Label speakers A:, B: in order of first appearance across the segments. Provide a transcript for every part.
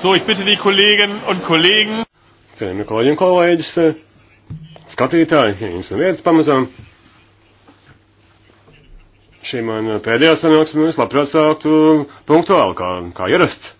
A: So, ich bitte die Kolleginnen un Kollegen. Cienījami kolēģi un kolēģis, eh, skatītāji, ja jums nav vietas pamazām. Šī man pēdējā sanāksme, es labprāt sāktu punktuāli, kā, kā ierasts.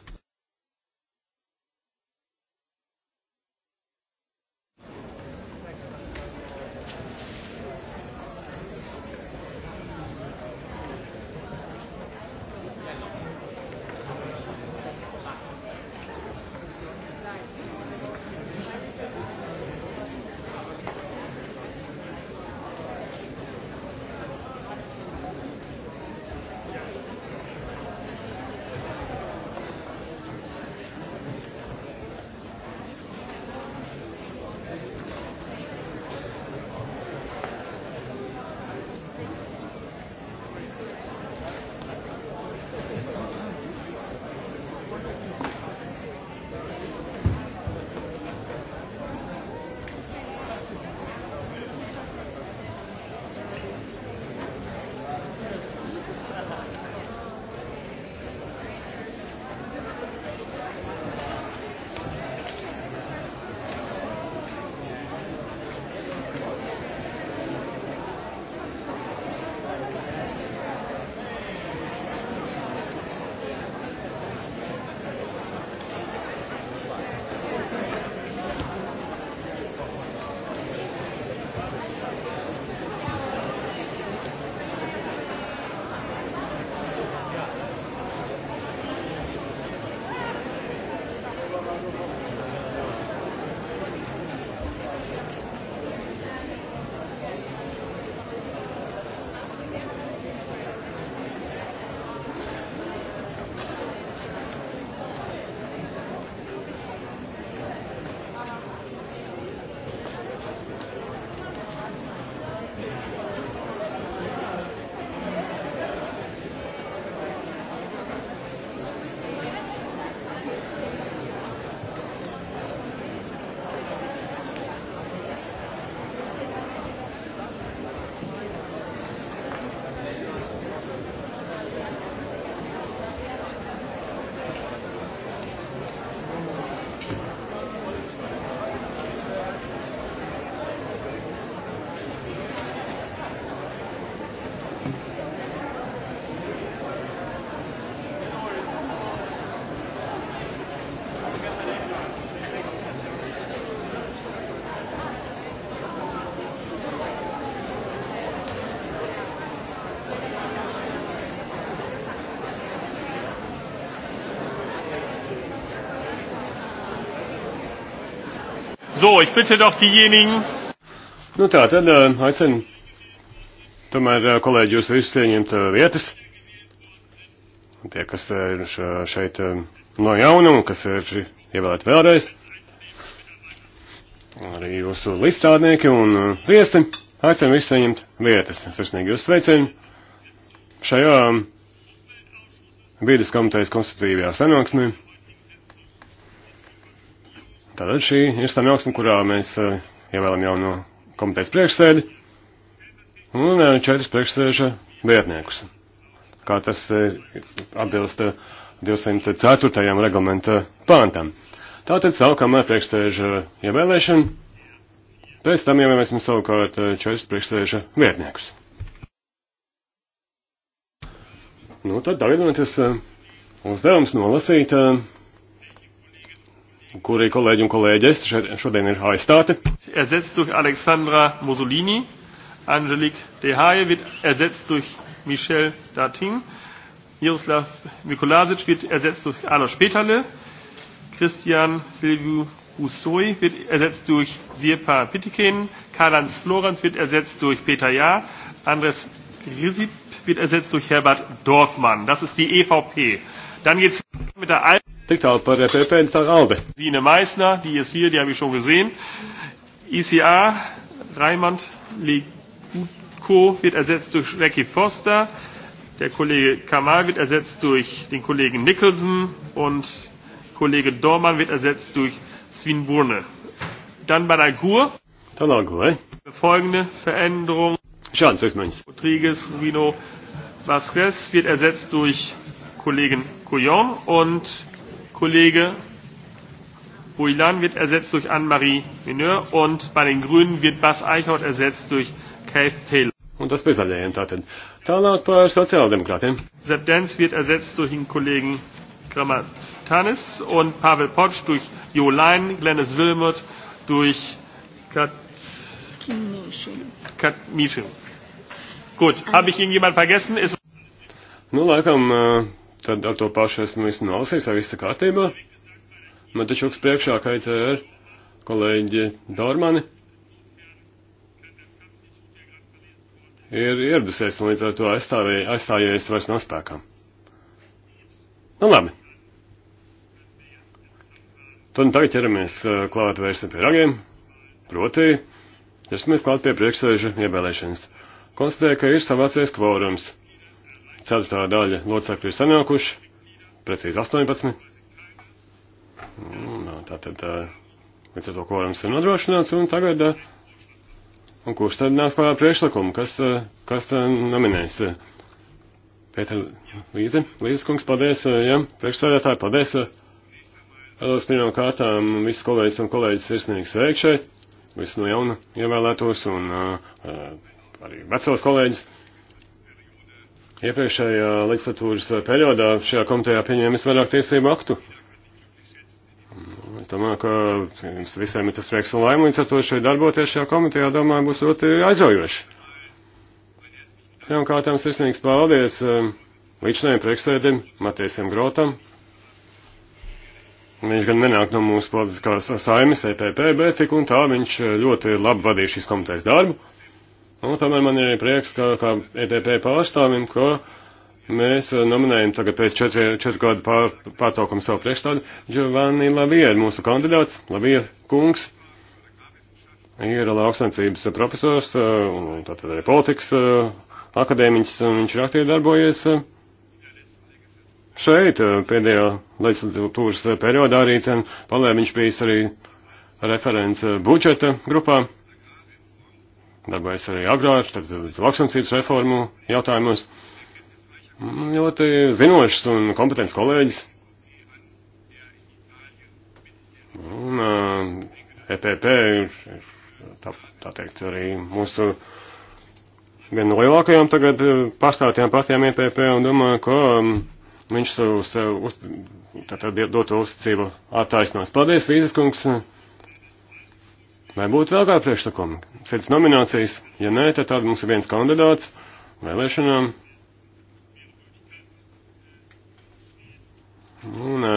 B: So, ich bitte doch diejenigen.
A: Nu tā, tad eh, aicinu tomēr eh, kolēģi jūs visus ieņemt eh, vietas. Tie, kas ir šeit no jauna un kas ir ievēlēti vēlreiz. Arī jūsu līdzstrādnieki un viesi aicinu visus ieņemt vietas. Sirsnīgi jūs sveicinu šajā mm, vīdes komitejas konstitutīvajā sanāksmē. Tātad šī ir sanāksme, kurā mēs e, ievēlam jauno komitejas priekšsēdi un e, četrus priekšsēža vietniekus. Kā tas e, atbilst 204. reglamenta pāntam. Tātad sākam ar priekšsēža ievēlēšanu, pēc tam ievēlēsim savukārt četrus priekšsēža vietniekus. Nu, tad dalībnieties uzdevums nolasīt kuri kolēģi un kolēģis šodien ir aizstāti.
B: Ersetzt durch Aleksandra Mosolini, Angelique Dehaye wird ersetzt durch Michel Dating, Miroslav Mikulasic wird ersetzt durch Alois Peterle, Christian Silviu Usoi wird ersetzt durch Sirpa Pitikinen, Karl-Heinz Florenz wird ersetzt durch Peter Jahr, Andres Risip wird ersetzt durch Herbert Dorfmann. Das ist die EVP. Dann jetzt mit der Al Tik tālu par EPP un tā Alde. Sine Meissner, die ist hier, die habe ich schon gesehen. ICA, Raimund Legutko wird ersetzt durch Jackie Foster. Der Kollege Kamal wird ersetzt durch den Kollegen Nicholson und Kollege Dormann wird ersetzt durch Swinburne. Dann bei der GUR. Dann auch GUR, eh? Folgende Veränderung. Schade, Rodriguez, Rubino, Vasquez wird ersetzt durch Kollegen Couillon und Kollege Bouillan wird ersetzt durch Anne-Marie Mineur und bei den Grünen wird Bas Eichhorn ersetzt durch Keith Taylor. Un tas bija zaļajiem tātad. Tālāk par sociāldemokrātiem. Zepdens wird ersetzt durch den Kollegen Gramatanis und Pavel Potsch durch Jo Lein, Glennis Wilmot durch Kat...
A: Kat Mischel. Gut, habe ich irgendjemand vergessen? Ist... Nu, laikam äh, Tad ar to pašu esmu visu nolasījis, vai viss ir kārtībā. Man taču uks priekšā kaitē ir kolēģi Dormani. Ir ieradusies un līdz ar to aizstāvē, aizstājies vairs nav spēkā. Nu labi. Tad nu tagad ķeramies klāt vairs pie ragiem. Proti, ķersimies klāt pie priekšsēžu iebēlēšanas. Konstatēja, ka ir savācies kvorums ceturtā daļa locekļu ir sanākuši, precīzi 18. Un, nu, tātad eh, līdz ar to kvorums ir nodrošināts, un tagad, eh, un kurš tad nāks klājā priekšlikumu, kas, eh, kas nominēs? Pēter Līze, Līzes kungs, paldies, jā, priekšstādātāji, paldies. Vēlos pirmām kārtām visus kolēģis un kolēģis sirsnīgi sveikšai, visus no jauna ievēlētos un uh, arī vecos kolēģis. Uh, Iepriekšējā legislatūras periodā šajā komitejā pieņēmis vairāk tiesību aktu. Es domāju, ka jums visiem ir tas prieks un laimīgs ar to šeit darboties šajā komitejā, domāju, būs ļoti aizraujoši. Pirmkārt, jums sirsnīgs paldies um, līdzinājiem priekšsēdim Matiesam Grotam. Viņš gan nenāk no mūsu politiskās saimes EPP, bet tik un tā viņš ļoti labi vadīja šīs komitejas darbu. Un nu, tomēr man ir prieks, ka kā ETP pārstāvim, ka mēs nominējam tagad pēc četri, četru gadu pār, pārcaukumu savu priekšstādu Giovanni Lavier, mūsu kandidāts, Lavier kungs. Ir lauksancības profesors, eh, un tātad arī politikas eh, akadēmiņš, un viņš ir aktīvi darbojies eh, šeit pēdējā leģislatūras periodā arī, un palē viņš bijis arī referents budžeta grupā darbojas arī agrāk, tad lauksansības reformu jautājumos. Mm, ļoti zinošs un kompetents kolēģis. Un uh, EPP ir, tā, tā teikt, arī mūsu viena no lielākajām tagad pastāvtajām partijām EPP un domāju, ka um, viņš sev uz, tātad doto uzticību attaisnās. Paldies, Vīzes kungs! Uh, Vai būtu vēl kādi priekšlikumi? Cits nominācijas, ja nē, tad tad mums ir viens kandidāts vēlēšanām. Un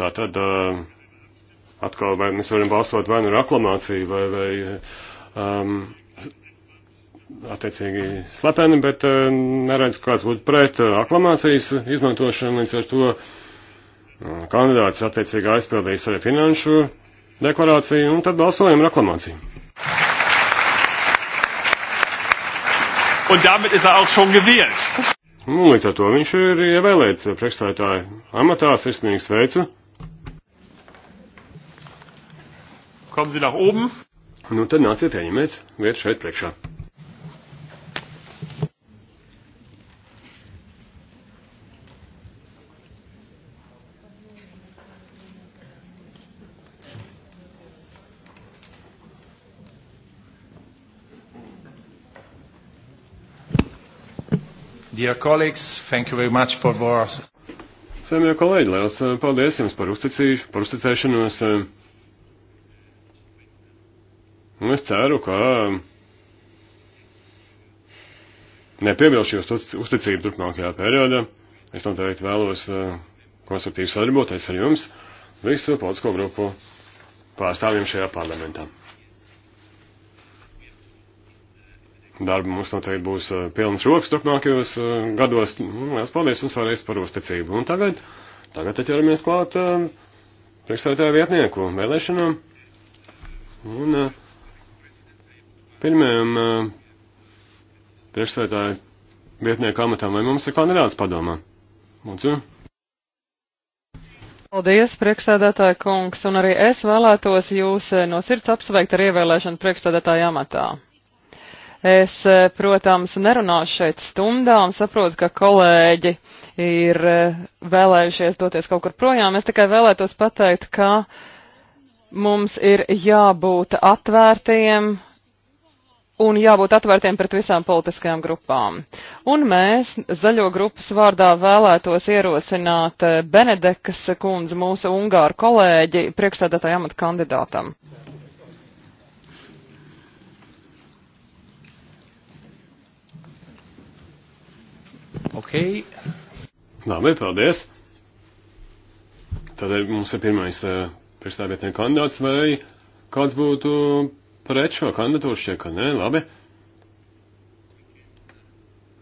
A: tā tad atkal vai mēs varam balsot vai nu ar aklamāciju, vai, vai um, attiecīgi slepeni, bet uh, neredz, kāds būtu pret uh, aklamācijas izmantošanu, līdz ar to uh, kandidāts attiecīgi aizpildīs arī finanšu deklarāciju un tad balsojam ar aklamāciju. Un damit ist er auch schon gewählt. Nu, līdz ar to viņš ir ievēlēts priekšstādātāju amatā, sirsnīgi sveicu. Kommen Sie nach oben. Nu, tad nāciet ieņemiet vietu šeit priekšā. Dear colleagues, thank you very much for your... Sēmie kolēģi, liels eh, paldies jums par, uzticīšu, par uzticēšanos. Un eh, es ceru, ka nepiebilšu jūs uzticību turpmākajā periodā. Es noteikti vēlos eh, konstruktīvi sadarboties ar jums, visu politisko grupu pārstāvjiem šajā parlamentā. darba mums noteikti būs eh, pilns rokas turpmākajos eh, gados. Nu, Lielas paldies jums vēlreiz par uzticību. Un tagad, tagad ķeramies klāt eh, priekšstādātāju vietnieku vēlēšanām. Un pirmajam priekšstādātāju vietnieku amatam, vai mums ir kandidāts padomā? Lūdzu.
C: Paldies, priekšstādātāja kungs, un arī es vēlētos jūs no sirds apsveikt ar ievēlēšanu priekšstādātāja amatā. Es, eh, protams, nerunāšu šeit stundām, saprotu, ka kolēģi ir eh, vēlējušies doties kaut kur projām. Es tikai vēlētos pateikt, ka mums ir jābūt atvērtiem un jābūt atvērtiem pret visām politiskajām grupām. Un mēs zaļo grupas vārdā vēlētos ierosināt eh, Benedekas kundzi, mūsu ungāru kolēģi, priekšstādātāju amatu kandidātam. Jā.
A: Ok. Labi, paldies. Tad mums ir pirmais eh, priekšstāvietnieku kandidāts vai kāds būtu pret šo kandidatūru šķiet, ka nē, labi.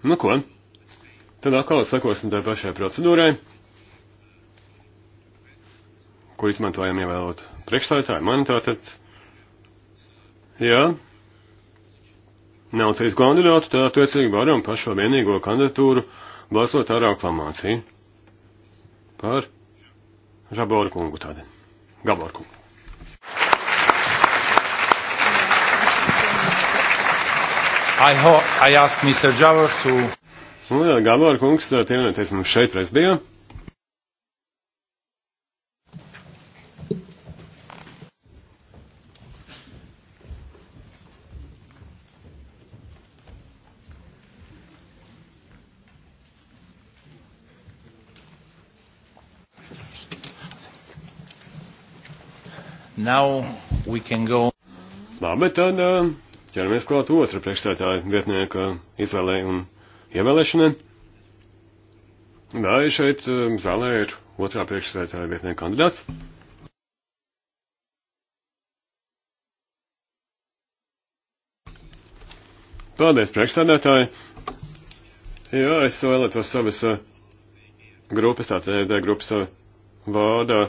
A: Nu ko, tad atkal sakosim tai pašai procedūrai, kur izmantojam ievēlot priekšstādātāju mani tātad. Jā. Ja nav citu kandidātu, tad attiecīgi varam par šo vienīgo kandidatūru balsot ar aklamāciju par Žaboru kungu tādien. Gaboru kungu. I, ho, I ask Mr. Javor to... Nu jā, Gabor kungs, pievienoties mums šeit prezidijā. Now we can go. Labi, tad ķeramies klāt otra priekšstādāja vietnieka izvēlē un ievēlēšanai. Vai šeit um, zālē ir otrā priekšstādāja vietnieka kandidāts? Paldies, priekšstādātāji! Jā, es vēlētos savas uh, grupas, tātad eh, grupas uh, vārdā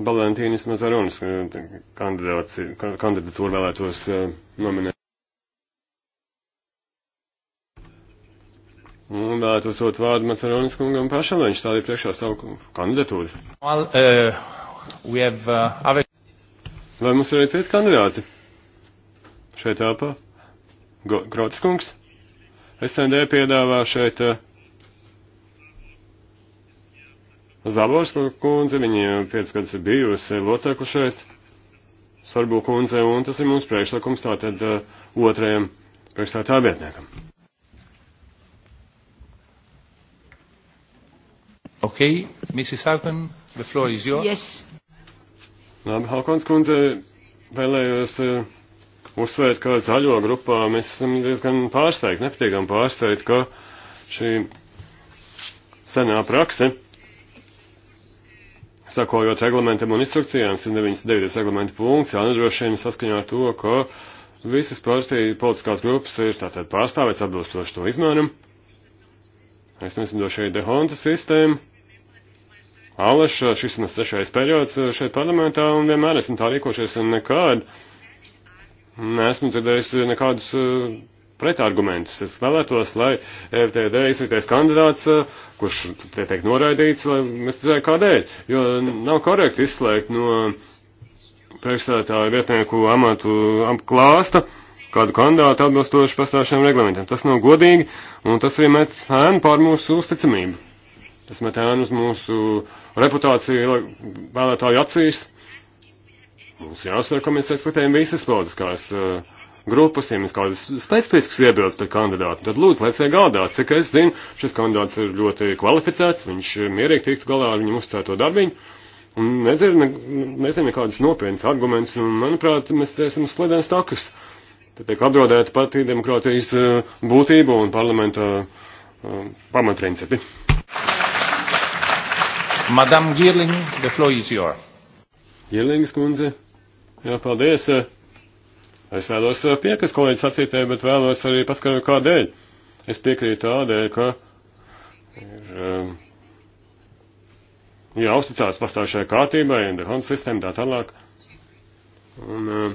A: Valentīnas Mazarunas eh, kandidatūru vēlētos eh, nominēt. Un vēlētos dot vārdu Mazarunas kungam pašam, viņš stādīja priekšā savu kandidatūru. Well, uh, we have, uh, have... Vai mums ir arī citi kandidāti? Šeit tāpā? Grotas kungs? SND piedāvā šeit uh, Zaborska kundze, viņa piecas gadus ir bijusi locekli šeit, Sarbu kundze, un tas ir mums priekšlikums tātad uh, otrajam priekšstātā vietniekam. Ok, Mrs. Hauken, the floor is yours. Yes. Labi, Haukons kundze, vēlējos uh, uzsvērt, ka zaļo grupā mēs esam diezgan pārsteigti, nepatīkam pārsteigti, ka šī senā prakse sakojot reglamentam un instrukcijām, 199. reglamenta punkts, jānodrošina saskaņā ar to, ka visas partiju politiskās grupas ir tātad pārstāvēts atbilstoši to izmēram. Es nezinu, šeit dehonta sistēma. Aleša, šis ir mans trešais periods šeit parlamentā, un vienmēr esmu tā rīkošies, un nekād neesmu dzirdējis nekādus uh, pretargumentus. Es vēlētos, lai FTD izliktais kandidāts, eh, kurš te teikt noraidīts, lai mēs redzētu kādēļ, jo nav korekti izslēgt no priekšstādātāju vietnieku amatu apklāsta kādu kandidātu atbilstoši pastāvšiem reglamentiem. Tas nav godīgi, un tas arī met ēnu pār mūsu uzticamību. Tas met ēnu uz mūsu reputāciju vēlētāju acīs. Mums jāsver, ka mēs respektējam visas politiskās uh, grupas, ja jums kādas specifiskas iebildes par kandidātu, tad lūdzu, lai tiek gādāts. Cik es zinu, šis kandidāts ir ļoti kvalificēts, viņš mierīgi tiktu galā ar viņu uzcēto darbiņu. Un nezinu, ne, nezinu nekādus nopietnus argumentus, un manuprāt, mēs esam slēdēm stakas. Te tiek apdraudēta pati demokrātijas eh, būtība un parlamenta eh, pamatprincipi. Madam Girling, the floor is yours. Girlings kundze, jā, paldies. Uh, Es vēlos eh, piekrist kolēģis sacītē, bet vēlos arī paskaidrot, kādēļ. Es piekrītu tādēļ, ka ir ehm, jāuzticās pastāvšajai kārtībai, dehon sistēmai tā tālāk. Un, eh,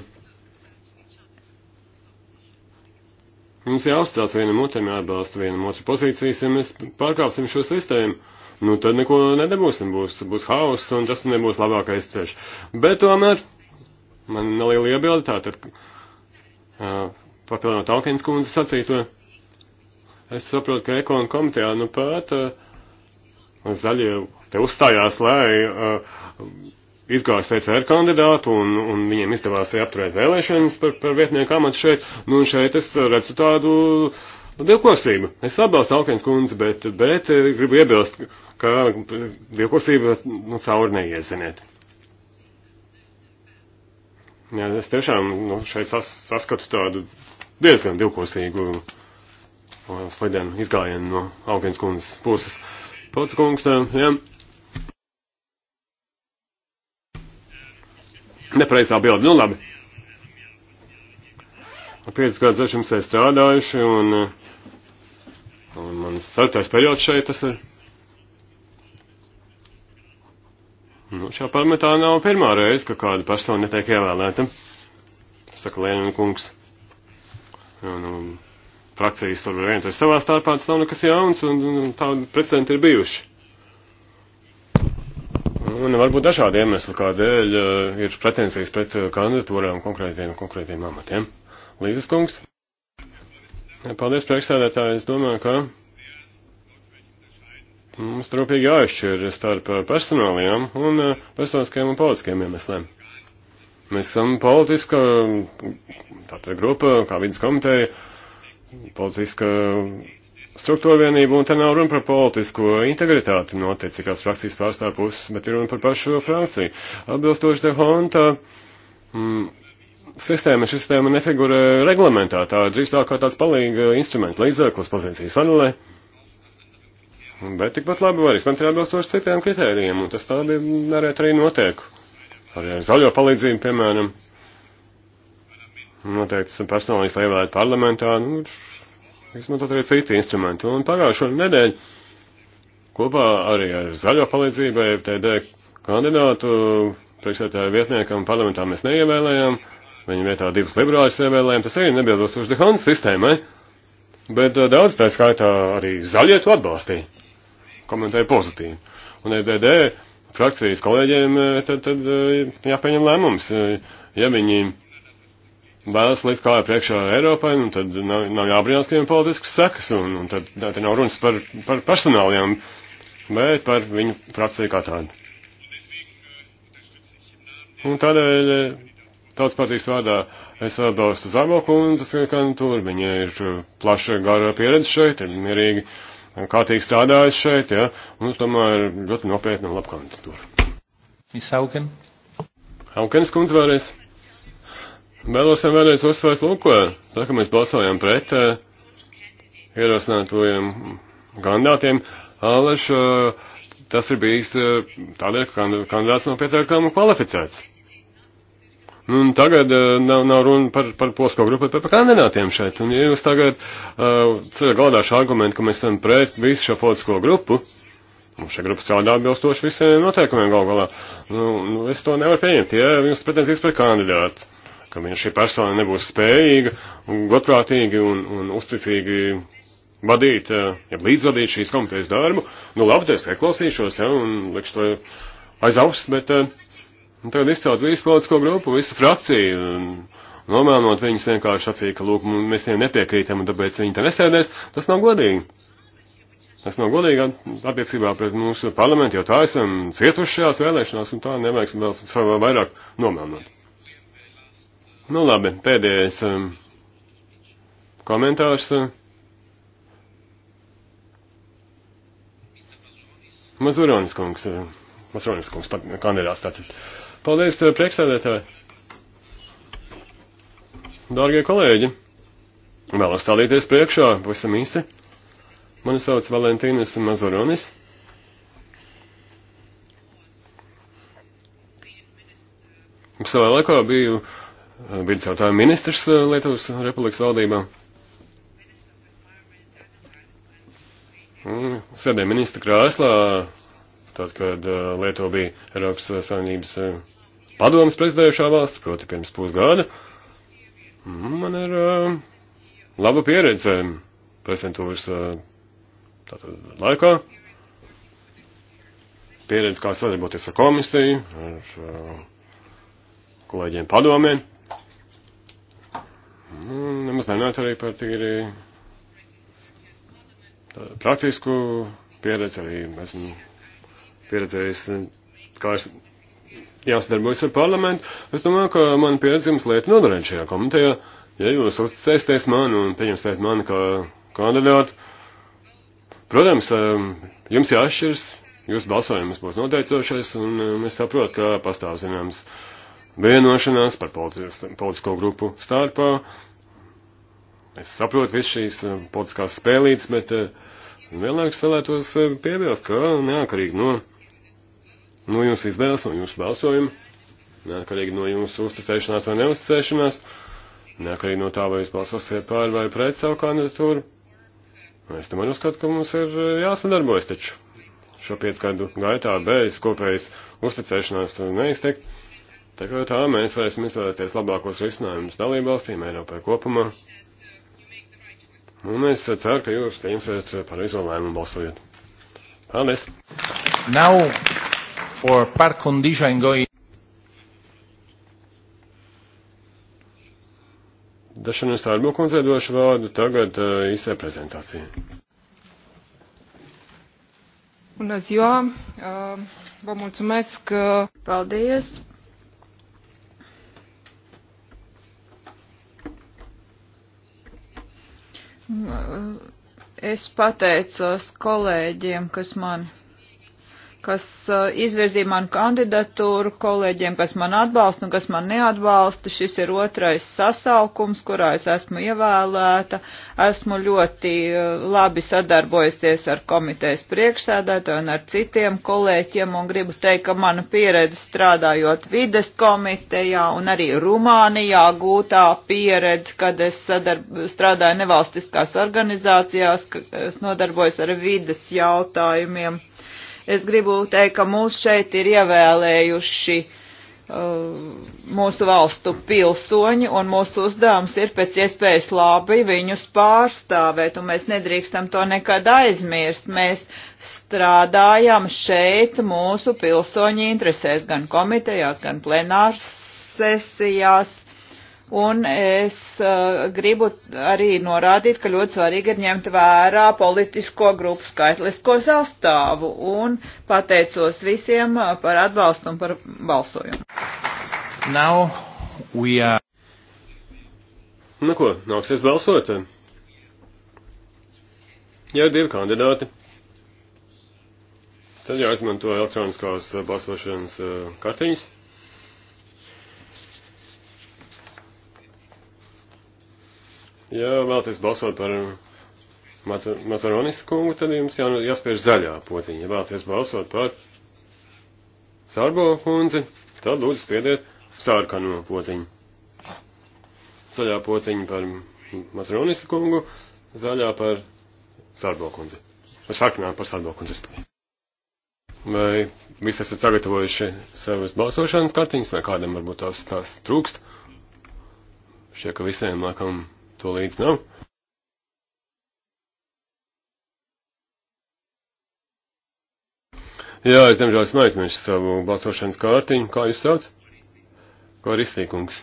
A: mums jāuzticās vienam otram, jāatbalsta vienam otru pozīcijas, ja mēs pārkāpsim šo sistēmu. Nu, tad neko nedabūsim, būs, būs hauss, un tas nebūs labākais ceļš. Bet tomēr man neliela iebilde tā, tad papildinot Alkins kundze sacīto, es saprotu, ka ekonu komitejā nu pat zaļie te uzstājās, lai izgājas TCR e kandidātu un, un viņiem izdevās arī apturēt vēlēšanas par, par vietnieku amatu šeit. Nu, un šeit es redzu tādu nu, divkosību. Es atbalstu Alkins kundzi, bet, bet gribu iebilst, ka divkosība nu, cauri neieziniet. Jā, es tiešām nu, šeit sas, saskatu tādu diezgan divkosīgu uh, slidenu izgājienu no Augens kundzes puses. Pats kungs, jā. Nepareizā bilde, nu labi. Piecus gadus esmu strādājuši un, uh, un mans ceturtais periods šeit tas ir. Nu, šā parlamentā nav pirmā reize, ka kāda persona netiek ievēlēta, saka Lēnina kungs. Un, nu, un, nu, frakcijas tur vienoties savā starpā, tas nav nekas jauns, un, un tādi precedenti ir bijuši. Un varbūt dažādi iemesli, kādēļ uh, ir pretensijas pret eh, kandidatūrām konkrētiem, konkrētiem amatiem. Līdzes kungs. Paldies, priekšsēdētāji. Es domāju, ka Mums trūpīgi jāizšķir starp personālajām un eh, personiskajām un politiskajām iemesliem. Mēs esam politiska tātad grupa, kā vidas komiteja, politiska struktūra vienība, un te nav runa par politisko integritāti no attiecīgās frakcijas pārstāv puses, bet ir runa par pašu frakciju. Atbilstoši te honta, mm, sistēma, šī sistēma nefigurē reglamentā, tā drīzāk kā tāds palīga instruments, līdzeklis pozīcijas analē. Bet tikpat labi var izlemt arī atbilstoši citiem kritērijiem, un tas tā darēt arī notiek. Arī ar zaļo palīdzību, piemēram, noteikti personālīs, lai vēlētu parlamentā, nu, izmantot arī citi instrumenti. Un pagājušo nedēļu kopā arī ar zaļo palīdzību e FTD kandidātu priekšsētāju vietniekam parlamentā mēs neievēlējām, viņa vietā divus liberāļus ievēlējām, tas arī nebildoši uz Dehans sistēmai, bet eh, daudz tā skaitā arī zaļie to atbalstīja komentēja pozitīvi. Un EDD frakcijas kolēģiem e, tad, tad e, jāpieņem lēmums. E, ja viņi vēlas likt kāju priekšā Eiropai, nu, tad nav, nav jābrīnās, ka viņiem politiskas sekas, un, un tad tā, te nav runas par, par personālajām, bet par viņu frakciju kā tādu. Un tādēļ tautas partijas vārdā es atbalstu Zāmo kundzes kandidatūru, viņa ir plaša gara pieredze šeit, ir mierīgi kārtīgi strādājis šeit, ja, un es domāju, ir ļoti nopietna un laba kandidatūra. Miss Hauken? Haukenis kundze vēlreiz. Vēlos jau vēlreiz uzsvērt lūko, tā kā mēs balsojām pret uh, ierosinātajiem kandidātiem, Aleš, uh, tas ir bijis uh, tādēļ, ka kandidāts nav no pietiekami kvalificēts. Nu, un tagad uh, nav, nav runa par, par polsko grupu, bet par kandidātiem šeit. Un ja jūs tagad uh, eh, ceļ galdā šo argumentu, ka mēs esam pret visu šo politisko grupu, un šī grupa strādā atbilstoši visiem noteikumiem gal galā, nu, nu, es to nevaru pieņemt, ja jums pretenzijas par kandidātu, ka viņa šī persona nebūs spējīga, un godprātīgi un, un uzticīgi vadīt, uh, ja līdzvadīt šīs komitejas darbu, nu labi, es neklausīšos, ja, un likšu to aiz auss, bet. Uh, Un tagad izcelt visu politisko grupu, visu frakciju, un nomēnot viņus vienkārši acī, ka, lūk, mēs viņiem nepiekrītam, un tāpēc viņi te nesēdēs, tas nav godīgi. Tas nav godīgi attiecībā pret mūsu parlamentu, jo tā esam cietuši šajās vēlēšanās, un tā nevajag vēl savā vairāk nomēnot. Nu labi, pēdējais um, komentārs. Uh, Mazuronis kungs, uh, Mazuronis kungs, kandidāts tātad. Paldies, eh, priekšsēdētāji! Dārgie kolēģi! Vēlos stādīties priekšā, pavisam īsti. Mani sauc Valentīnas Mazuronis. Savā laikā biju eh, vidas jautājumu ministrs eh, Lietuvas Republikas valdībā. Sēdēju ministra krēslā, tad, kad Lietuva bija Eiropas Savienības padomas prezidējušā valsts, proti pirms pusgada, mm, man ir uh, laba pieredze prezidentūras uh, tātad laikā. Pieredze, kā sadarboties ar komisiju, ar uh, kolēģiem padomiem. Mm, Un nemaz nenāk arī par tīri praktisku pieredzi, arī esmu pieredzējis, kā es jāsadarbojas ar parlamentu. Es domāju, ka man pieredze jums lieta noderēt šajā komitejā. Ja jūs uzticēsieties man un pieņemsiet mani kā kandidātu, protams, jums jāšķirs, jūs balsojums būs noteicošais, un es saprotu, ka pastāv zināms vienošanās par politisko grupu starpā. Es saprotu visu šīs politiskās spēlītes, bet vienlaikus vēlētos piebilst, ka neatkarīgi no. Nu, no nu, jūsu izvēles, no jūsu balsojuma, neatkarīgi no jūsu uzticēšanās vai neuzticēšanās, neatkarīgi no tā, vai jūs balsosiet pār vai pret savu kandidatūru. Es tomēr uzskatu, ka mums ir eh, jāsadarbojas taču šo piecu gadu gaitā bez kopējas uzticēšanās neizteikt. Tā kā tā mēs varēsim izvēlēties labākos risinājumus dalībvalstīm Eiropai kopumā. Un es ceru, ka jūs pieņemsiet pareizo lēmumu balsojot. Paldies! Nav for par condicio I'm going. Dašanai Stārbo kundzei došu vārdu tagad uh, īsē prezentācijai.
C: Bună ziua! Uh, vă mulțumesc! Uh, Paldies! Es pateicos kolēģiem, kas mani kas eh, izvirzīja manu kandidatūru, kolēģiem, kas man atbalsta un kas man neatbalsta. Šis ir otrais sasaukums, kurā es esmu ievēlēta. Esmu ļoti eh, labi sadarbojusies ar komitejas priekšsēdētāju un ar citiem kolēģiem un gribu teikt, ka mana pieredze strādājot vides komitejā un arī Rumānijā gūtā pieredze, kad es sadarb, strādāju nevalstiskās organizācijās, es nodarbojos ar vides jautājumiem. Es gribu teikt, ka mūs šeit ir ievēlējuši uh, mūsu valstu pilsoņi, un mūsu uzdevums ir pēc iespējas labi viņus pārstāvēt, un mēs nedrīkstam to nekad aizmirst. Mēs strādājam šeit mūsu pilsoņu interesēs, gan komitejās, gan plenārs sesijās, Un es uh, gribu arī norādīt, ka ļoti svarīgi ir ņemt vērā politisko grupu skaitlisko sastāvu un pateicos visiem eh, par atbalstu un par balsojumu.
D: Now
A: we are. Nu ko, nāksies balsot? Ja ir divi kandidāti, tad jāizmanto elektroniskās eh, balsošanas kartiņas. Ja vēlaties balsot par uh, Mazaronis kungu, tad jums jā, jāspiež zaļā pociņa. Ja vēlaties balsot par Sārbo kundzi, tad lūdzu spiediet sārkano pociņu. Zaļā pociņa par Mazaronis kungu, zaļā par Sārbo kundzi. Par sarkanā par Sārbo kundzi. Vai visi esat sagatavojuši savas balsošanas kartiņas, vai kādam varbūt tās, tās trūkst? Šie, ka visiem, laikam, to līdz nav. Jā, es diemžēl esmu aizmirsis savu balsošanas kārtiņu. Kā jūs sauc? Kā ir izteikums?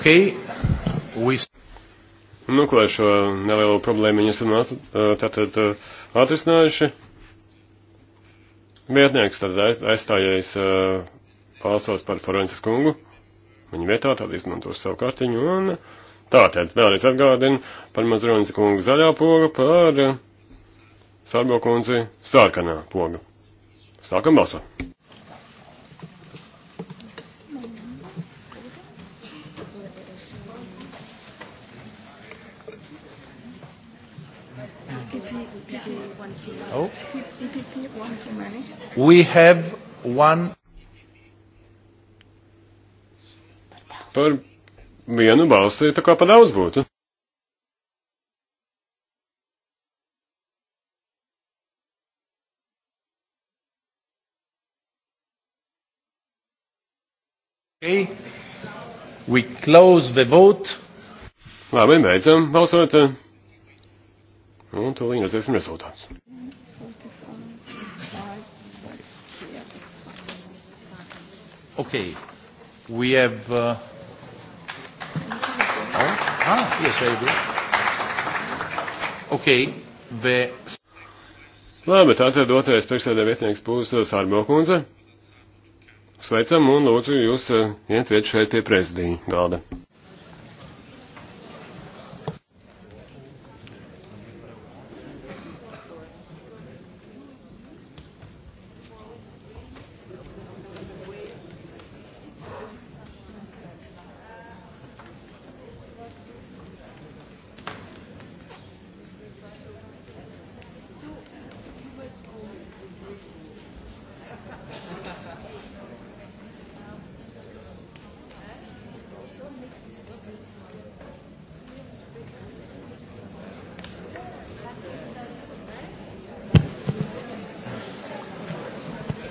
A: Ok, we... Nu, ko ar šo nelielo problēmu viņi esam at, tātad atrisinājuši. Vietnieks tad aiz, aizstājējis balsos par Forenses kungu. Viņa vietā tad izmantos savu kartiņu un tātad vēlreiz atgādina par Mazronis kungu zaļā poga, par Sārbo kundzi sārkanā poga. Sākam balsot!
D: Oh. EPP, one too many. We have one.
A: Par vienu balsi tā kā pa daudz būtu. Okay. We close the vote. Labi, beidzam balsot. Un tūlīt redzēsim rezultātus. Okay. We have. Uh, oh, ah, yes, I do. Okay. The... Labi, tātad otrais priekšsēdē vietnieks būs uh, Sārmo kundze. Sveicam un lūdzu jūs uh, iet viet šeit pie prezidija galda.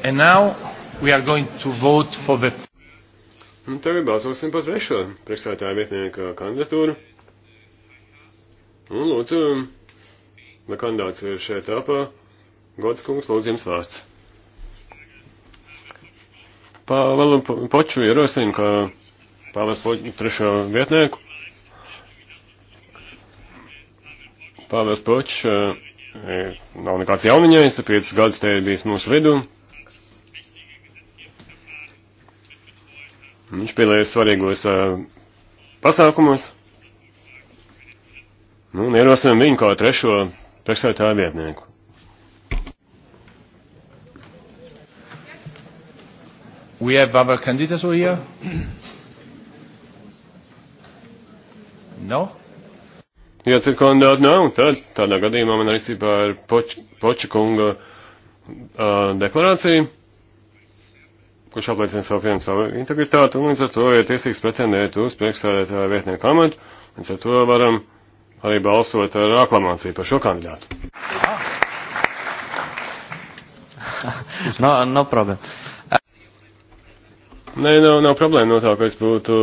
A: And now we are going to vote for the. Un tagad balsosim par trešo priekšstādātāju vietnieku kandidatūru. Un lūdzu, lai kandidāts ir šeit apā, gods kungs, lūdzu jums vārds. Pāvelu Poču ierosinu, ka Pāvels Poču trešo vietnieku. Pāvels Poču eh, nav nekāds jauniņais, 5 gadus te bijis mūsu vidū, Viņš piedalījās svarīgos uh, pasākumos. Nu, un ierosinām viņu kā trešo priekšsētāju vietnieku. We have other candidates over here? No? Ja cik kandidāti nav, tad tādā gadījumā man rīcībā ir Poč, Poča kunga uh, deklarācija kurš apliecina savu finansiālo integritāti, un līdz ar to ir tiesīgs pretendēt uz priekšstādētāju vietnieku amatu, līdz ar to varam arī balsot ar aklamāciju par šo kandidātu.
C: No, no problēma.
A: Nē, nav, nav problēma no tā, ka es būtu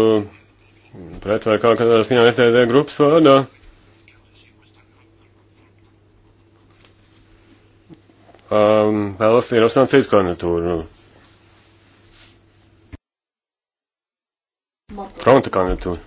A: pret vai kā kādā ziņā ETD grupas vārdā. Um, vēlas ierosināt citu kandidatūru. Fronte kandidatūru.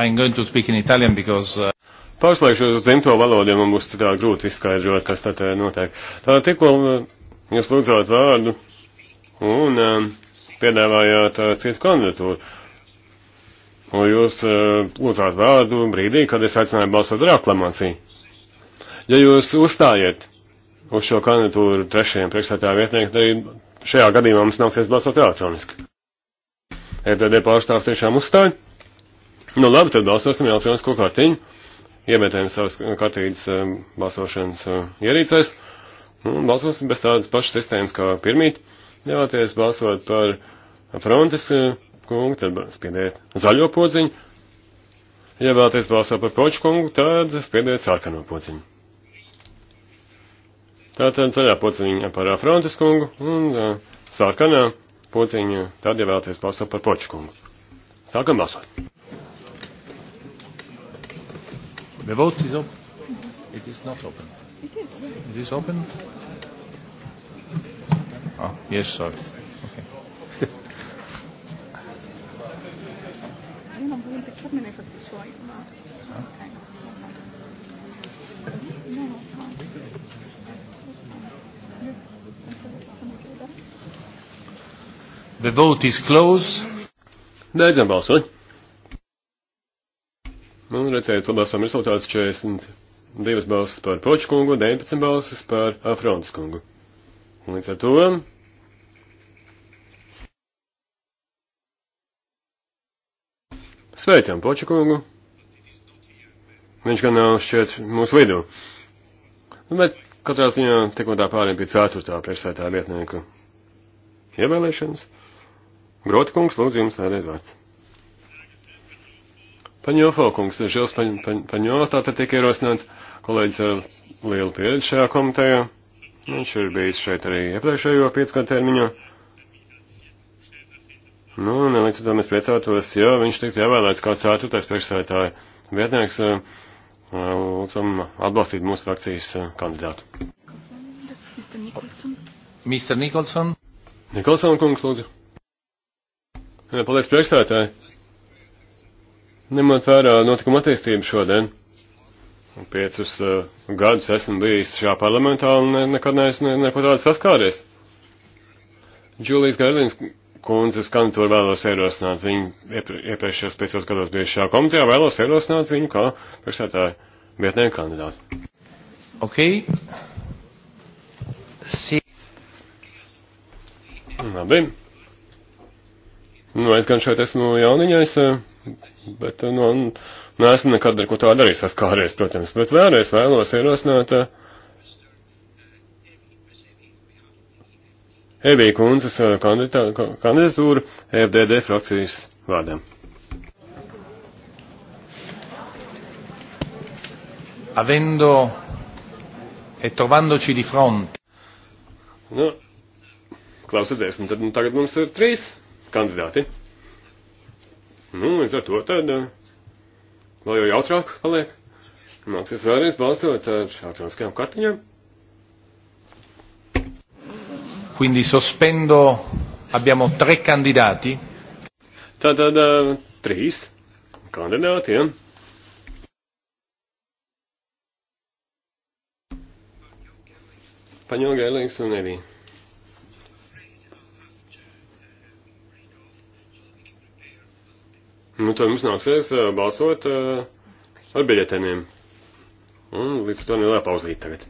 D: I'm going to speak in Italian because uh,
A: Pārslēgšu uz dzimto valodu, ja man būs tā grūti izskaidrot, kas tā tā eh, notiek. Tā tikko eh, jūs lūdzāt vārdu un uh, piedāvājāt uh, citu kandidatūru. Un jūs uh, lūdzāt vārdu brīdī, kad es aicināju balsot ar aklamāciju. Ja jūs uzstājiet uz šo kandidatūru trešajiem priekšstādā vietnieku, tad šajā gadījumā mums nāksies balsot elektroniski. ETD pārstāvs tiešām uzstāja. Nu labi, tad balsosim elektronisko kartiņu iemetēm savas kartītes eh, balsošanas eh, ierīcēs. Nu, un balsosim bez tādas pašas sistēmas kā pirmīt. Ļāties balsot par frontes eh, kungu, tad spiediet zaļo podziņu. Ja vēlaties balsot par poču kungu, tad spiediet sarkano podziņu. Tātad zaļā pociņa par Frontes kungu un uh, sarkanā pociņa tad, ja vēlaties balsot par Poču kungu. Sākam balsot!
D: The vote is open. It is not open. It is. It is open. Oh, yes, sorry. Okay. Io non voglio impiccarmi nei fatti suoi, ma... Ah. Okay.
A: No, no, no. The vote is closed. Beidzam balsot. Un redzēt, labāsām rezultātus 42 balsis par Poču kungu, 19 balsis par Afrontas kungu. Un līdz ar to. Sveicam Poču kungu. Viņš gan nav šķiet mūsu vidū. Bet katrā ziņā tikko tā pāriem pie 4. priekšsētā vietnieku ievēlēšanas. Grotkungs, lūdzu jums vēlreiz vārds. Paņofo kungs, Žils paņ, paņ, Paņo, tātad tika ierosināts kolēģis ar lielu pieredzi šajā komitejā. Viņš ir bijis šeit arī iepriekšējo piecgadu termiņu. Nu, un līdz ar to mēs priecātos, ja viņš tiktu ievēlēts kā ceturtais priekšsētāja vietnieks, eh, lūdzam atbalstīt mūsu frakcijas eh, kandidātu. Mr. Nikolson. Nikolson kungs, lūdzu. Paldies priekšsētāji. Ņemot vērā notikuma attīstību šodien, piecus uh, gadus esmu bijis šajā parlamentā un ne, nekad neesmu ne, ne par tādu saskāries. Džulijas Garlīnas kundzes kandidatūru vēlos ierosināt. Viņa iepr iepriekšējos piecos gados bija šajā komitejā, vēlos ierosināt viņu kā priekšsētāju vietnieku kandidātu. Ok. Si. Labi. Nu, es gan šeit esmu jauniņais. Uh, Bet, uh, nu, neesmu nu, nekad ar ko tādu arī saskāries, protams. Bet vēlreiz vēlos ierosināt uh, Evija Kunzes uh, kandidatūru FDD frakcijas vārdiem.
D: Avendo e trovandoci di fronte.
A: Nu, klausieties, nu tad nu, tagad mums ir trīs kandidāti. Nu, līdz ar to tad eh, vēl jau jautrāk paliek. Nāksies vēlreiz balsot ar elektroniskajām kartiņām.
D: Quindi sospendo, abbiamo tre candidati.
A: Tātad uh, trīs kandidāti, jā. Ja? Paņogēlīgs un nebija. Nu, tad mums nāksies eh, balsot eh, ar biļetēm. Un līdz ar to nelielā pauzīte tagad.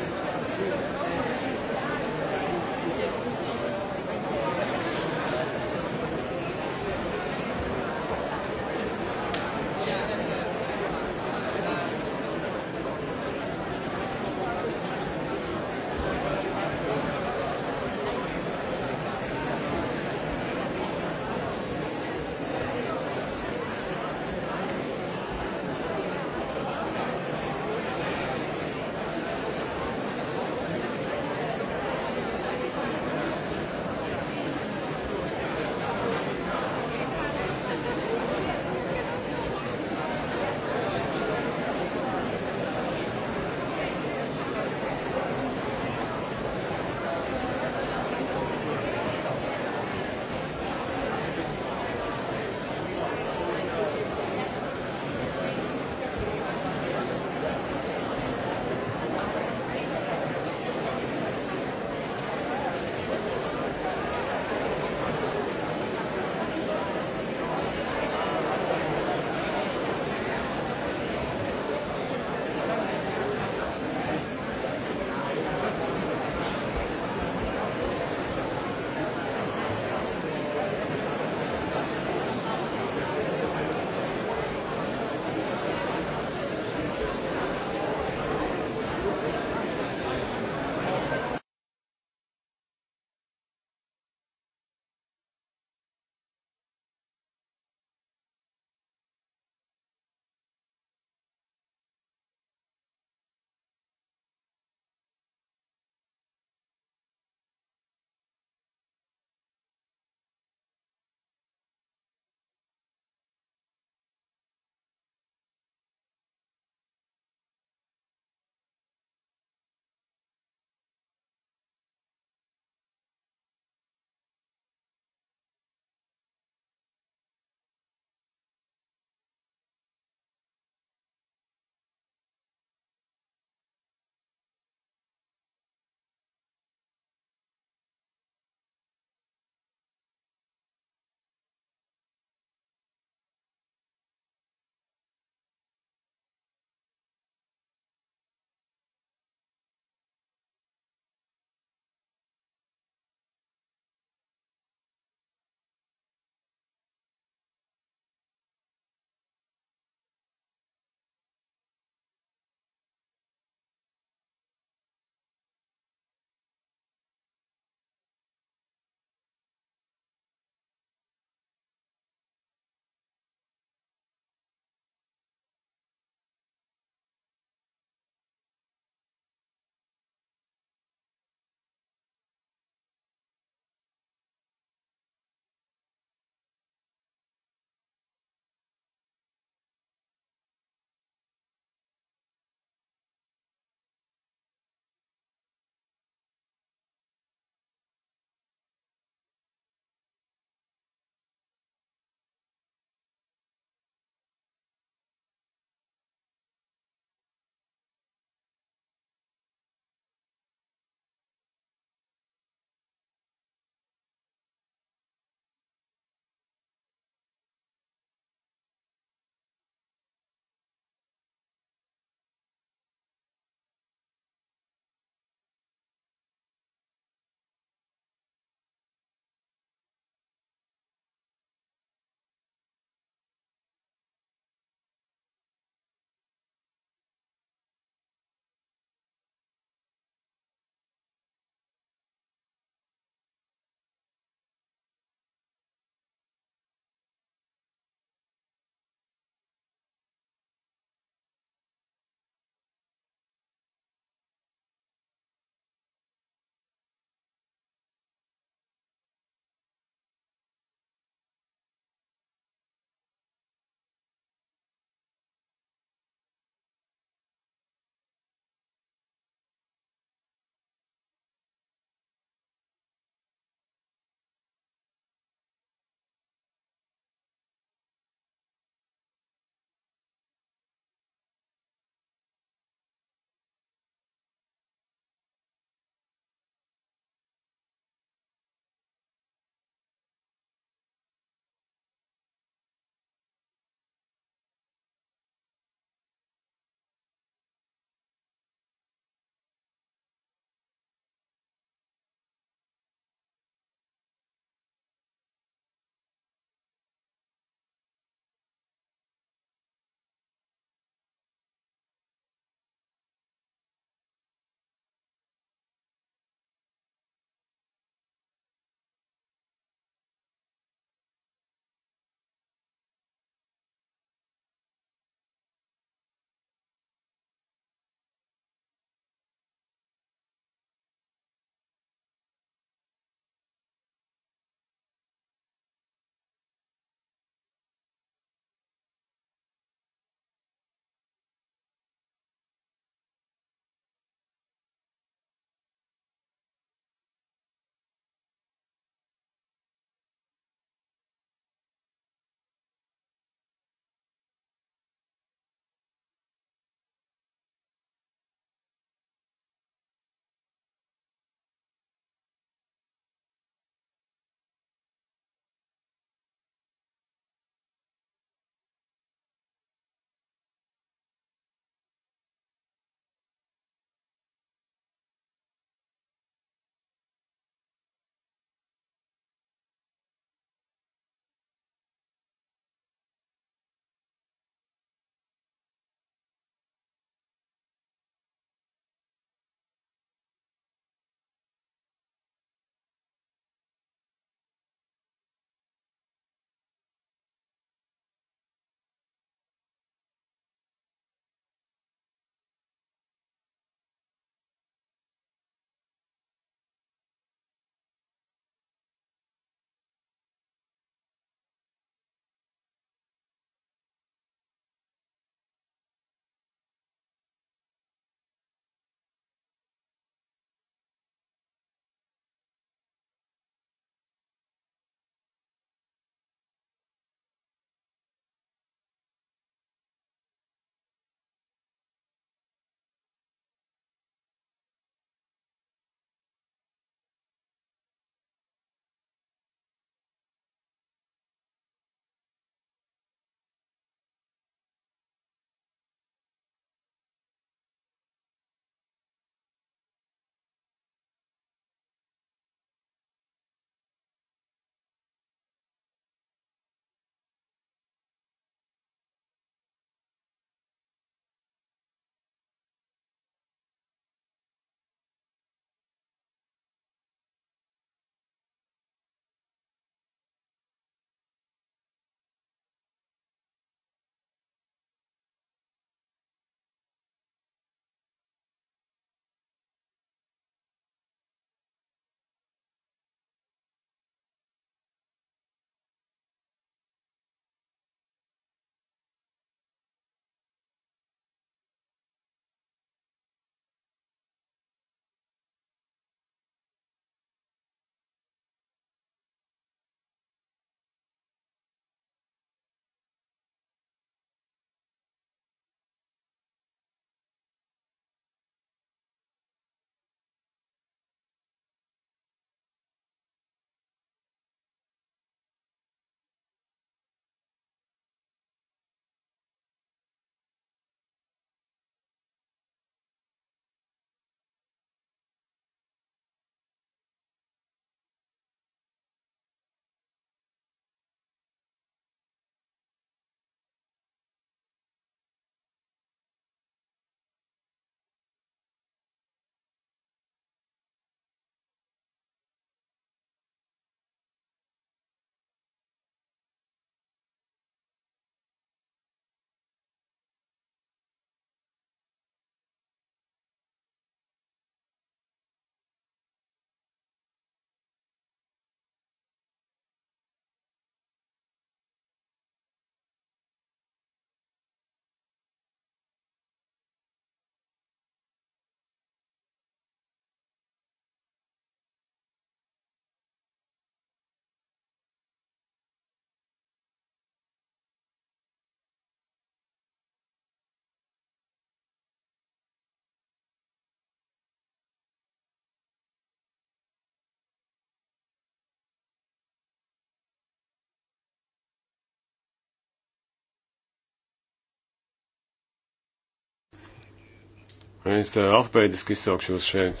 A: Es alfabētiski izsaukšos šeit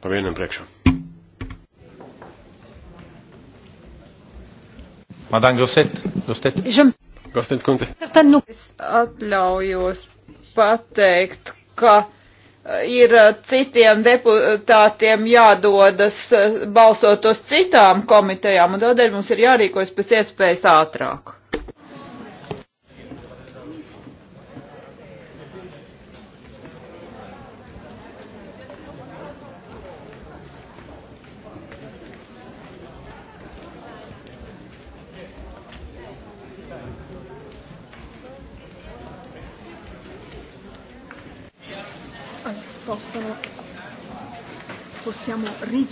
A: pa vienam priekšā. Madame Gosset, Gostet. Gostets kundze.
C: Tad nu es atļaujos pateikt, ka e, ir e, citiem deputātiem jādodas e, balsot uz citām komitejām, un tādēļ mums ir jārīkojas pēc iespējas ātrāk.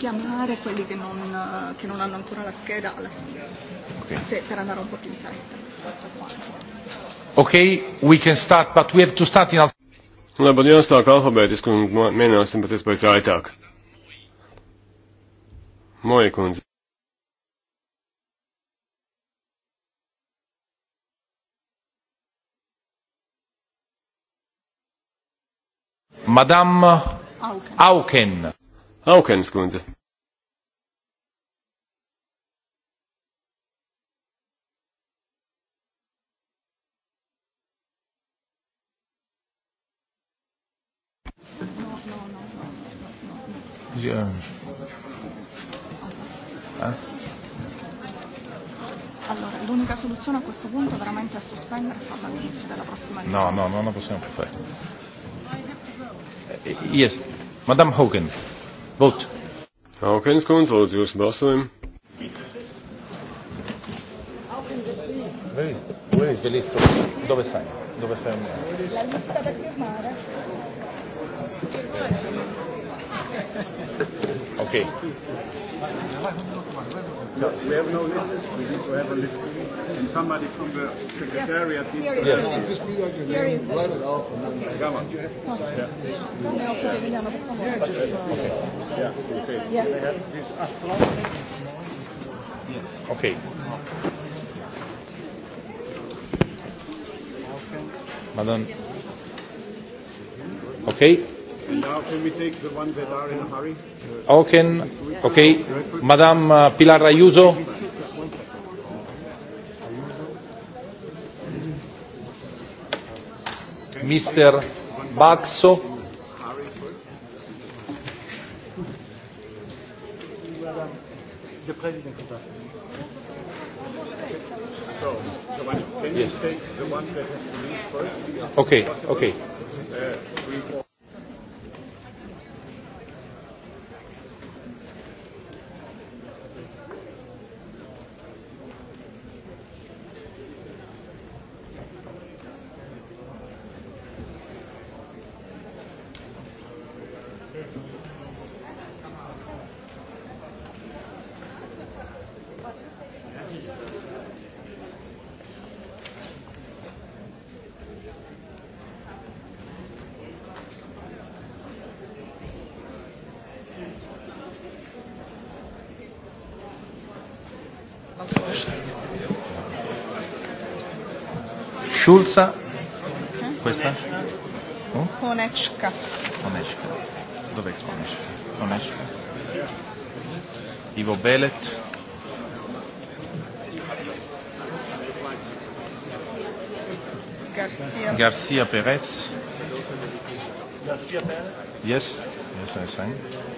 D: richiamare quelli che non, eh, che non hanno ancora la scheda alla fine, okay. se, per andare un po' più in fretta. Ok, we can start, but we have to
A: start in Labi, jāsāk alfabētiski un mēģināsim pēc iespējas raitāk. Moja kundze.
D: Madame Auken. Auken. Aukenis kundze. Yeah. Huh? Hm? Allora, l'unica soluzione a questo punto veramente è sospendere e farlo all'inizio della prossima riunione. No, no, non lo possiamo
A: più fare. Eh, yes, Madame Hogan. Vote. Aukenis kundze, lūdzu jūsu balsojumu.
D: Where is the list of dove sai? Dove sai? La lista da firmare.
B: Ok. No, we have no list. We need to have a list. And somebody from the secretariat yes. needs to yes. have a list.
D: Here is it. Write it out and then Come on. Yeah. Yeah. Just, uh, yeah. Okay. Yeah. This yes. Okay. Madam. Okay. And now can we take the ones that are in a hurry? Okay, okay. Madame uh, Pilar Ayuso. Mr. Baxo. The president is asking. So, the one, can yes. you take the one that has to leave first? Okay, okay. Uh, Schulza. Questa? Oh? Onecka. Onecka. Dov'è Onecka? Onecka. Ivo Belet. Garcia. Garcia Perez. Garcia Perez. Yes. Yes, I sign.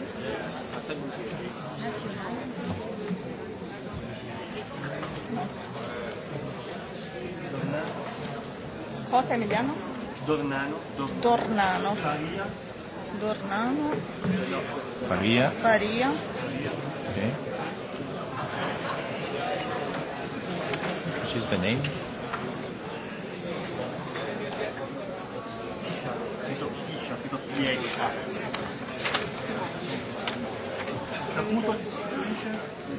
D: Cosa Emiliano? Dornano.
C: Dornano. Faria. Dornano.
D: Faria. Faria. Okay. Which is the name?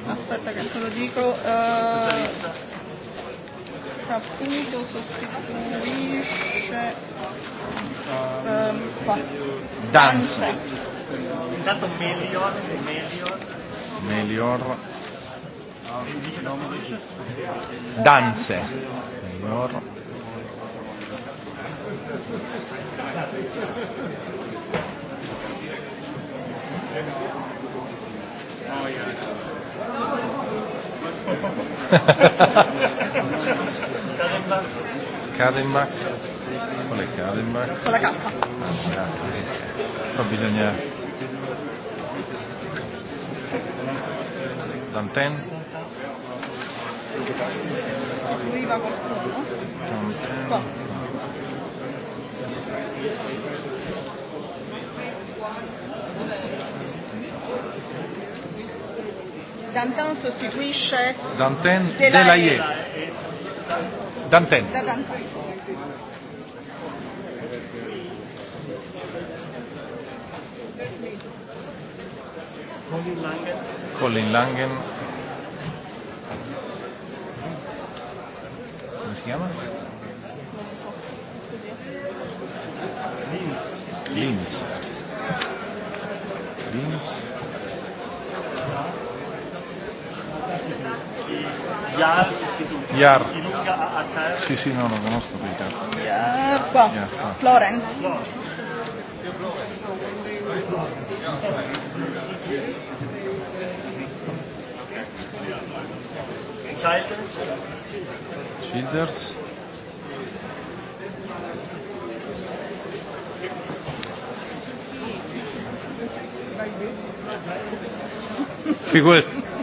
D: Aspetta che te lo dico. Uh, capito sostituisce ehm, qua. Danza. Intanto Melior, Melior. Melior. Danze. Melior. Oh,
C: yeah.
D: Kadenbach. Qual è Kadenbach? Con la K. Ah, Però bisogna... Danten?
C: Sostituiva qualcuno? Danten. Qua.
D: Dantin sostituisce Dantin Delaye. Delaye. Danten.
B: Colin Langen.
D: Colin Langen. ¿Cómo se llama? Lins. Lins. Lins. Lins. Yar si scrive Yar. Sì, sì, no, lo conosco per caso. Yar qua. Yar qua. Florence. Childers. Childers. Figurati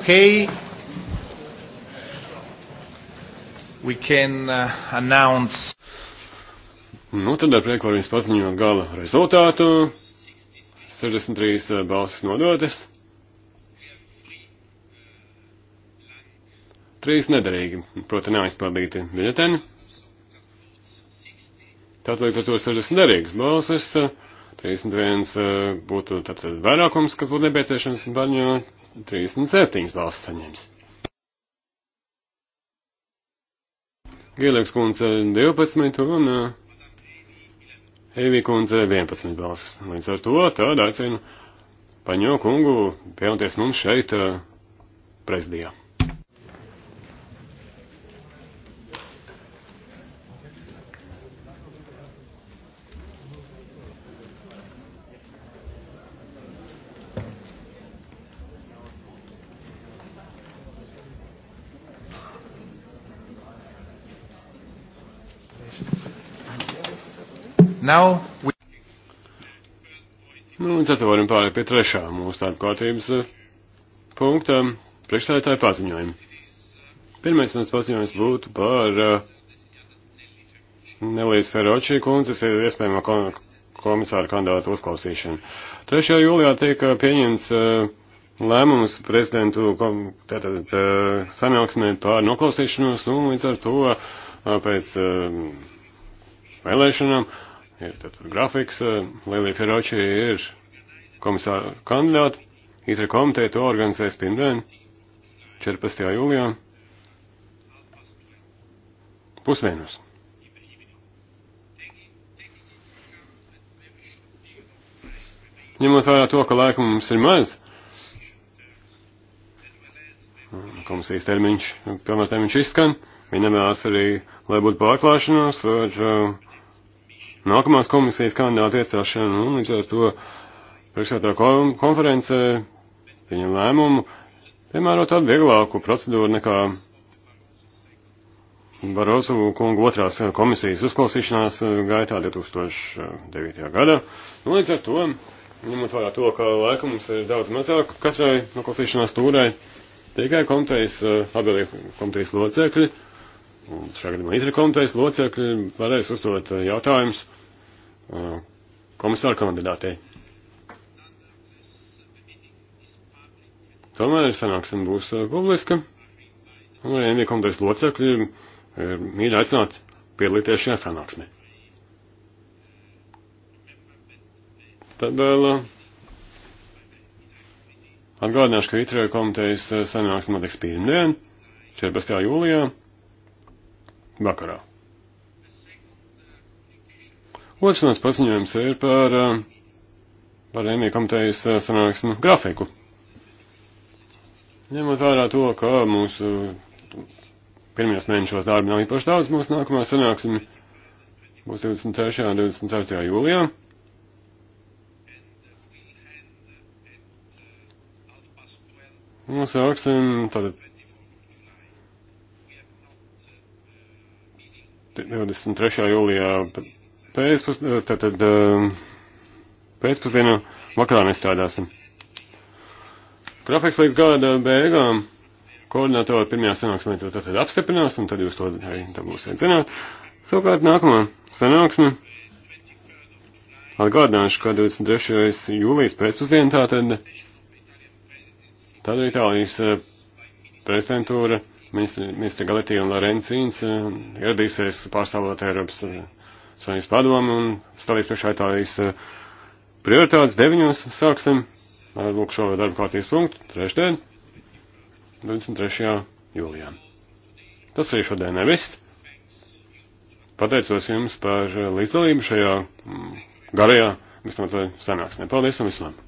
D: Okay.
A: We can uh, announce. Nu, tad ar prieku varam jums paziņot gala rezultātu. 63 uh, balsis nodotas. Trīs nederīgi, proti neaizpildīti biļeteni. Tātad līdz ar to 60 derīgas balsis, 31 uh, uh, būtu tātad vairākums, kas būtu nepieciešams, baņo 37 balsts saņems. Gielēks kundze 12 un Eivī eh, kundze 11 balsts. Līdz ar to tādā aicinu paņo kungu pievienoties mums šeit eh, prezidijā.
D: Now we...
A: Nu, un tad varam pārēt pie trešā mūsu darba kārtības eh, punkta priekšstādātāja paziņojuma. Pirmais mans paziņojums būtu par eh, Nelijas Feroči kundzes iespējamo komisāru kandidātu uzklausīšanu. 3. jūlijā tiek eh, pieņemts lēmums prezidentu tātad, sanāksmē par noklausīšanos, nu, līdz ar to pēc vēlēšanām. Uh, Eh, ir tātad grafiks, Lelija Feroči ir komisāra kandidāta, ITRE komiteja to organizēs pirmdien, 14. jūlijā, pusdienus. Ņemot vērā to, ka laika mums ir maz, komisijas termiņš, pilnvērtēmiņš izskan, viņi nevēlas arī, lai būtu pārklāšanos ar uh, eh, nākamās komisijas kandidātu iecelšanu, nu, un līdz ar to priekšētā konference pieņem lēmumu, piemērot tādu vieglāku procedūru nekā Barozu kungu otrās komisijas uzklausīšanās gaitā 2009. gadā. Un nu, līdz ar to, ņemot vērā to, ka laika mums ir daudz mazāk, katrai noklausīšanās tūrai tikai komitejas, atbildīgi komitejas locekļi, un šā gadījumā itra komitejas locekļi varēs uzdot jautājumus komisāru kandidātei. Tomēr sanāksim būs uh, publiska, un arī NV komitejas locekļi ir uh, mīļi aicināti piedalīties šajā sanāksmē. Tad vēl uh, atgādināšu, ka ITRE komitejas sanāksme notiks pirmdien, 14. jūlijā, vakarā. Otrs mans paziņojums ir par, eh, par Emija komitejas eh, sanāksmu grafiku. Ņemot vērā to, ka mūsu pirmajos mēnešos darba nav īpaši daudz, mūsu nākamā sanāksme būs 23. un 24. jūlijā. Mums sāksim tātad 23. jūlijā Pēcpus, eh, tad, tad, eh, pēcpusdienu vakarā nestrādāsim. Grafiks līdz gada beigām koordinātori pirmajā sanāksmē to tad apstiprinās, un tad jūs to arī dabūsiet zināt. Savukārt nākamā sanāksme. Atgādināšu, ka 23. jūlijas pēcpusdienā tātad, tad arī Itālijas eh, prezidentūra ministri Galetija un Lorencīns uh, ieradīsies pārstāvot Eiropas uh, saņems padomu un stādīs priekšā Itālijas eh, prioritātes deviņos sāksim ar lūk šo darba kārtības punktu trešdien, 23. jūlijā. Tas arī šodien nevis. Pateicos jums par eh, līdzdalību šajā mm, garajā, vismaz sanāksmē. Paldies un vislabāk!